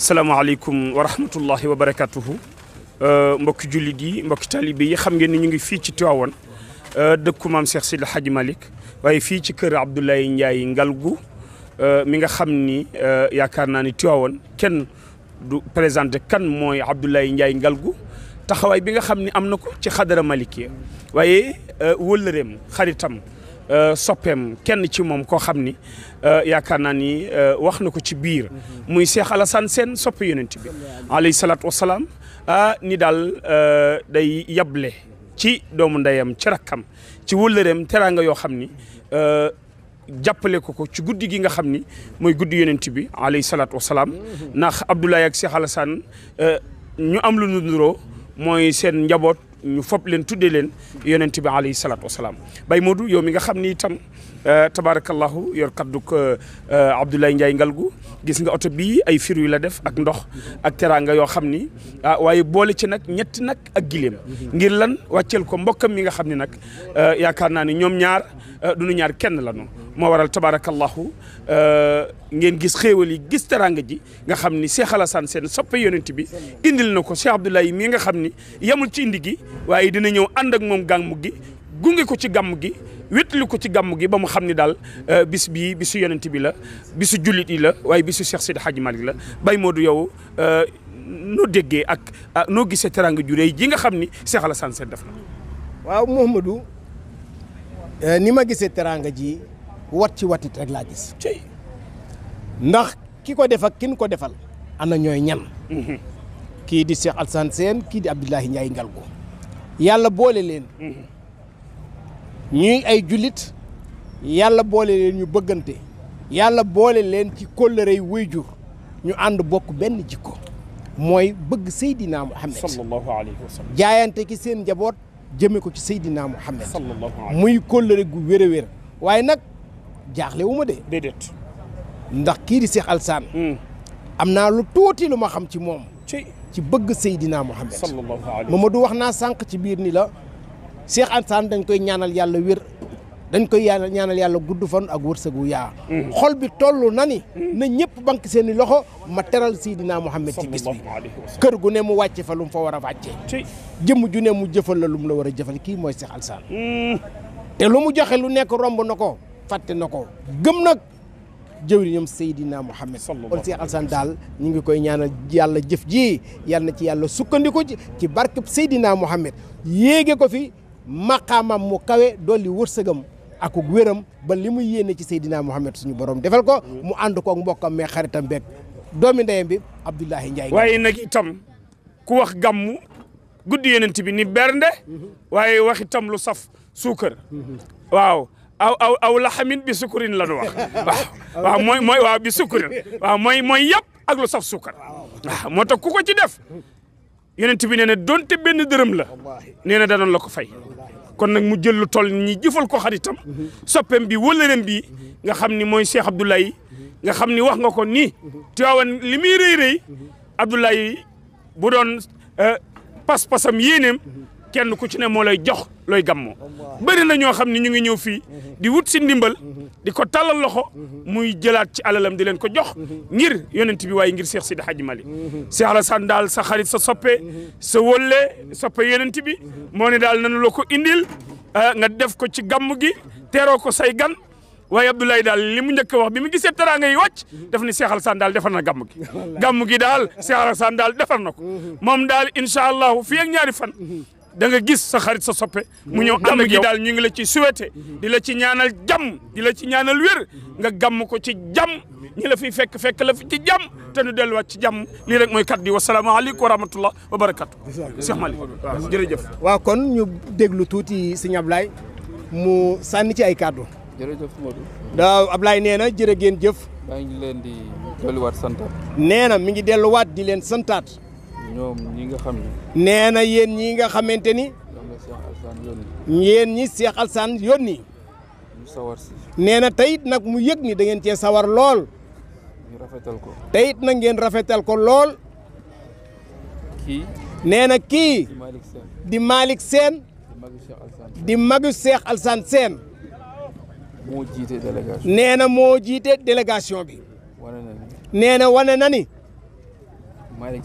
salaamaaleykum wa rahmatullahi wa barakatuhu euh, mbokki jullit yi mbokki taalibe yi xam ngeen ni ñu ngi fii ci Tiwaawoon euh, dëkku maam Cheikh Sidi Hadji Malick waaye fii ci kër Abdoulaye Ndiaye Ngalgu euh, mi nga xam ni yaakaar naa ni Tiwaawoon kenn du présenté kan mooy Abdoulaye ngal gu taxawaay bi nga xam ni am na ko ci xadara Malick waaye wëllëreem xaritam Euh, soppeem kenn ci moom koo xam ni euh, yaakaar naa ni euh, wax na ko ci biir mhm. muy Cheikh Alassane Sène soppe yonent bi alayhi salaatu wasalaam ah ni daal day yable ci doomu ndeyam ci rakkam ci wëllëreem teraanga yoo xam ni jàppale ko ko ci guddi gi nga xam ni mooy guddi yonent bi alayhi salaatu wasalaam mhm. ndax Abdoulaye ak Cheikh Alassane ñu am lu nu nuroo mooy seen njaboot ñu fob leen tuddee leen yenen yonent bi alayhi salaatu wasalaam bay Modou yow mi nga xam ni itam Eh, tabaarakallahu yor kaddu ko eh, eh, Abdoulaye Ndiaye Ngalgu gis nga oto bii ay fir la def ak ndox ak teraanga yoo xam ni ah, waaye boole ci nag ñetti nag ak gileem ngir lan wàcceel ko mbokkam mi nga xam ne nag yaakaar naa ne ñoom ñaar du ñaar kenn la noonu moo waral tabaarakallahu ngeen gis xéewal yi gis teraanga ji nga xam ni Cheikh Alassane seen soppe yonent bi indil na ko Cheikh Abdoulaye mii nga xam ni yemul ci indi gi waaye dina ñëw ànd ak moom gàmmu gi gunge ko ci gàmm gi wétlu ko ci gàmm gi ba mu xam ni daal euh, bis bii bisu yonent bi la bisu jullit yi la waaye bisu Cheikh Sidi Hadji Malick la bay Baye du yow euh, noo déggee ak noo gisee teranga ju réy ji nga xam ni Cheikh Alassane Sène def na waaw Mouhamadou euh, ni ma gisee teranga ji wat ci watit rek laa gis ndax ki ko defal ak kin ko defal ana ñooy ñan mhm. kii di Cheikh Alassane Sène kii di Abdoulaye Ndiaye Ngalgou yàlla boole leen mhm. ñuy ay jullit yàlla boole leen ñu bëggante yàlla boole leen ci kóllëre yi wayjur ñu ànd bokk benn jikko mooy bëgg Seydina Muhammad sallallahu alayhi wa sallam jaayante ki seen njaboot jëme ko ci Seydina Muhammad muy kóllëre gu wér waaye nag jaaxle wu de ndax kii di Seex hmm. am naa lu tuuti lu ma xam ci moom ci bëgg Seydina Muhammad Mamadou wax naa sànq ci biir ni la Cheikh Alassane dañ koy ñaanal yàlla wér dañ koy ñaanal yàlla gudd fan ak wërsëgu yaa mm-hmm. xol bi toll na ni mm-hmm. na ñëpp banque seen i loxo ma teral Seydina Mouhamed ci bis bi kër gu ne mu wàcce fa lu mu fa war a wàccee jëmm ju ne mu jëfal la lu mu la war a jëfal kii mooy Cheikh Alassane mm. te lu mu joxe lu nekk romb na ko fàtte na ko gëm nag jëwriñam Seydina Mouhamed kon Cheikh Alassane daal ñu ngi koy ñaanal yàlla jëf ji yal na ci yàlla sukkandiku ci ci barkeb Seydina Mouhamed yéege ko fi maqaamam mu kawe dolli wërsëgam akuk wéram ba li mu yéene ci Seydina Muhammad suñu borom defal ko mu ànd koog mbokkam mais xaritam beeg doomi ndeyam bi Abdoulaye Ndiaye. waaye nag itam ku wax gàmmu guddi yenent bi ni bernde waaye wax itam lu saf suukar waaw aw aw aw laxamin la nu wax waaw moy mooy mooy waaw bi waaw mooy mooy yàpp ak lu saf suukar moo tax ku ko ci def yonent bi nee na donte benn dërëm la nee na danoon la ko fay kon nag mu jël tol toll ñi jëfal ko xaritam mm-hmm. soppeem bi wëlëreem bi nga xam ni mooy Cheikh Abdoulaye mm-hmm. nga xam ni wax nga ko ni mm-hmm. Tiwaawan li muy rëy rëy Abdoulaye bu doon euh, pas-pasam yéeneem kenn ku ci ne moo lay jox looy gàmmoo bëri na ñoo xam ne ñu ngi ñëw fii di wut si ndimbal di ko tàllal loxo muy jëlaat ci alalam di leen ko jox ngir yonent bi waaye ngir Cheikh Sidi Hadji Malick Cheikh Alassane daal sa xarit sa soppe sa wólle soppe yonent bi moo ne daal nanu la ko indil ah, nga def ko ci gàmm gi teeroo ko say gan waaye Abdoulaye daal li mu njëkk wax bi mu gisee teraanga yi wàcc def ni Cheikh Alassane daal defar na gàmm gi gàmm gi daal Cheikh Alassane daal defar na ko mm-hmm. moom daal incha allahu fii ak ñaari fan da nga gis sa xarit sa soppe mu ñëw ànd gi daal ñu ngi la ci souhaité di la ci ñaanal jàmm di la ci ñaanal wér nga gàmm ko ci jàmm ñi la fi fekk fekk la fi ci jàmm te nu delluwaat ci jàmm lii rek mooy kàddu yi wasalaamaaleykum wa rahmatullah wa barakatu Cheikh Malick waaw jërëjëf waaw kon ñu déglu tuuti Sëñ Ablaye mu sànni ci ay kàddu jërëjëf Modou ablaay Ablaye nee na jërë ngeen jëf maa ngi leen di delluwaat nee na mi ngi delluwaat di leen santaat ñoom ñi nga xam ne. nee na yéen ñii nga xamante ni. yéen ñi Cheikh Alassane yónni. ñu na tey nag mu yëg ni da cee sawar lool. ñu ko. tey it nag ngeen rafetal ko lool. kii. nee na kii. di Malick Sène. di Malick di magu seex al Sène. moo jiite na moo jiite délégation bi. nee wane na Malick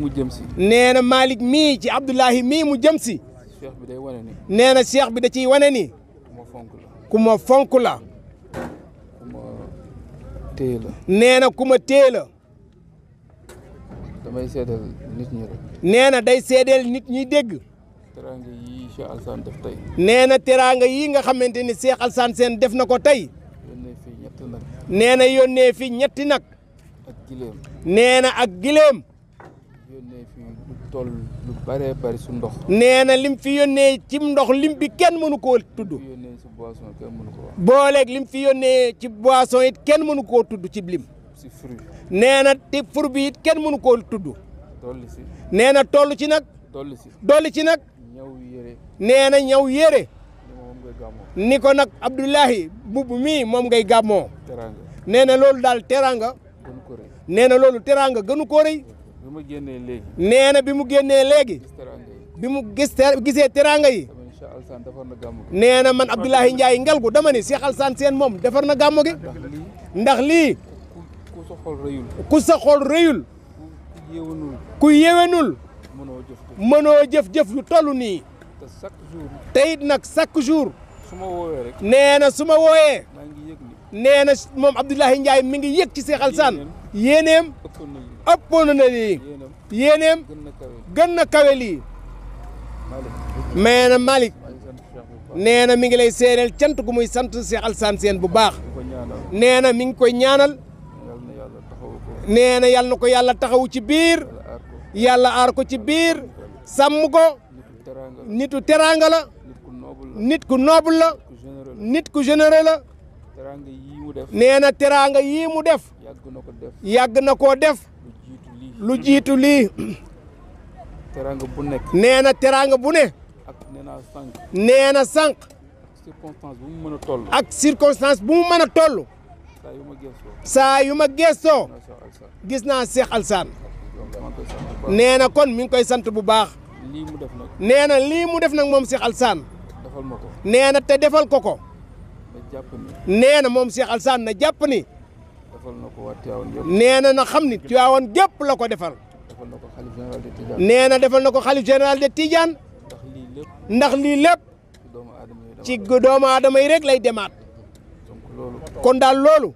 mu jëm nee na Malick mii ci Abdoulahi mii mu jëm si. cheikh bi day wane bi da ciy wane ni. ku la. ku ku ma téye la. nee seedeel nit ñi day seedeel nit ñi dégg. teraanga na teraanga yii nga xamante ni Cheikh Alassane def na ko tey. yónnee fii ñetti nee na yónnee fii ñetti nag. ak gileem. nee na ak gileem. tool lu su ndox. nee na lim fi yónnee ci ndox lim bi kenn mënu koo tudd. booleek lim fi yónnee ci boison it kenn mënu koo tudd ci lim. si fruit. nee na te bi it kenn mënu koo tudd. dolli si. nee na toll ci nag. dolli si dolli ci nag. ñaw yére. nee na ñaw yére. ni ko nag Abdoulahi mbubb mii moom ngay gàmmoo. nee na loolu daal teraanga. nee na loolu teraanga gënu ko bi mu génnee léegi. nee na bi mu génnee léegi. bi mu gis gisee teraanga yi. nee na man Abdoulaye Ndiaye Ngalgou dama ni Cheikh Alassane Sène moom defar na gàmmu gi. ndax lii. ku sa xol rëyul. ku sa xol rëyul. ku yéwenul. ku mënoo jëf jëf mënoo toll nii. te chaque jour. te it nag chaque jour. su ma nee na su ma wooyee. nee na moom Abdoulaye Ndiaye mi ngi yëg ci Cheikh Alassane. yéeneem ëppoon na lii yéeneem gën na kawe lii mais na Malick nee na mi ngi lay séeréel cant gu muy sant Cheikh Alassane Sène bu baax nee na mi ngi koy ñaanal nee na yàlla na ko yàlla taxawu ci biir yàlla aar ko ci biir sàmm ko nitu teraanga nit ku noble la nit ku généreux teraanga yii def nee na teraanga yii mu def. yàgg na ko def yàgg na koo def. lu jiitu lii. teraanga bu nekk. nee na teraanga bu ne. ak nee na sànq. nee na mën a toll. ak circonstance bu mu mën a toll. saa yu ma gëstoo. saa gis naa Cheikh saan nee na kon mi ngi koy sant bu baax. lii def nag. nee na lii mu def nag moom Cheikh Alassane. defal ma ko. nee na te defal ko ko. nee na moom seexal Alassane na jàpp ni. defal na na xam ni Tiwaawan gépp la ko defal. defal ko xalif na defal na ko xalif général de Tidiane. ndax lii lépp. ci doomu aadama yi rek lay demaat. kon daal loolu.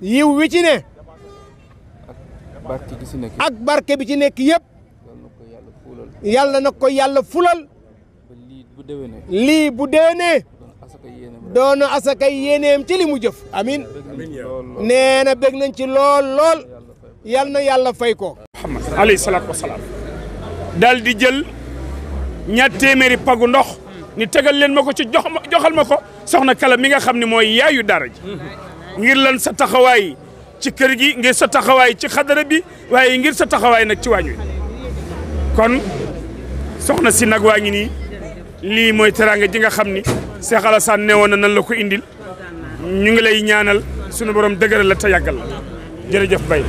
yiw wi ci ne. ak barke bi ci nekk yëpp. yàlla na ko yàlla fulal. lii bu déwénee. doona asakay yéeneem ci li mu jëf amin nee na bég nañ ci lool lool yal na yàlla fay ko Muhammad alayhi salaatu wasalaam daal di jël ñaar téeméeri pagu ndox ni tegal leen ma ko ci jox joxal ma ko soxna kala mi nga xam ne mooy yaayu dara ngir lan sa taxawaay ci kër gi ngir sa taxawaay ci xadara bi waaye ngir sa taxawaay nag ci waañ wi kon soxna si nag waa lii mooy teraanga ji nga xam ni Cheikh Alassane newoon na nan la ko indil ñu ngi lay ñaanal sunu borom dëgëral la te yàggal la jërëjëf kontaan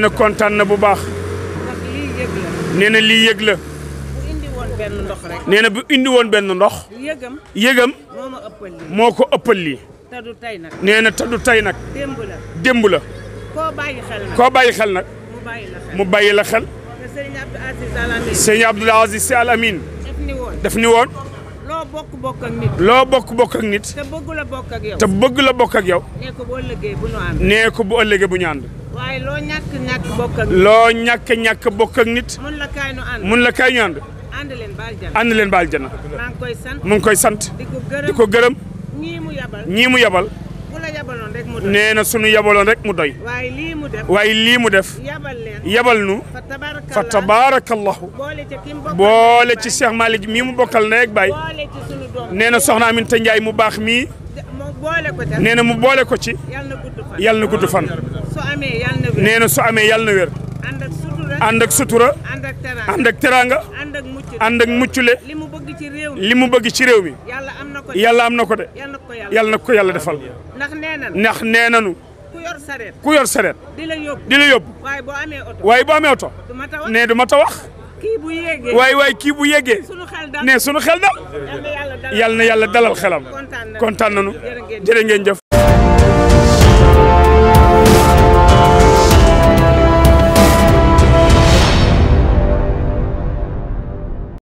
na kontaan na bu baax. ndax lii yëg la. nee na lii yëg la. bu indi woon benn ndox rek. moo ko ëppal lii. taddu tey nag. taddu tey nag. démb la ko bay xel nag mu bàyyi la xel la xel. sëñ Abdoul Aziz Sy Al Amine daf ni woon loo bokk bokk nit. loo bokk bokk ak nit. te bëgg la bokk ak la bokk ak yow. nee ko bu ëllëgee bu ñu ko bu bu ñu ànd. loo ñàkk ñàkk bokk nit. mun la kaay ñu ànd. mun ànd. ànd leen baal jana. ànd leen baal koy sant. mu ngi koy sant. di ko gërëm mu yabal ñii mu yabal. nee na sunu yabaloon rek mu doy. waaye lii mu def. waaye lii mu def. yabal nu. fa tabaarakallahu. boole ci Cheikh Malick mii mu bokkal ndey baay. nee na soxna Aminta njaay mu baax mii. nee na mu boole ko ci. yàlla na gudd fan. nee na su amee yàlla na wér. ànd ak sutura. ànd ak teraanga. ànd ak muccule. li mu bëgg ci réew mi. yàlla am na ko de yàlla na ko yàlla defal ndax nee nañu ndax nee nañu ku yor sareet ku yor sareet di la yóbbu di la yóbbu waaye boo amee oto waaye boo amee oto ne du ma ta wax kii bu yéegee waay waay kii bu yéegee ne sunu xel dal yàlla na yàlla dalal xelam kontaan nañu jërë ngeen jëf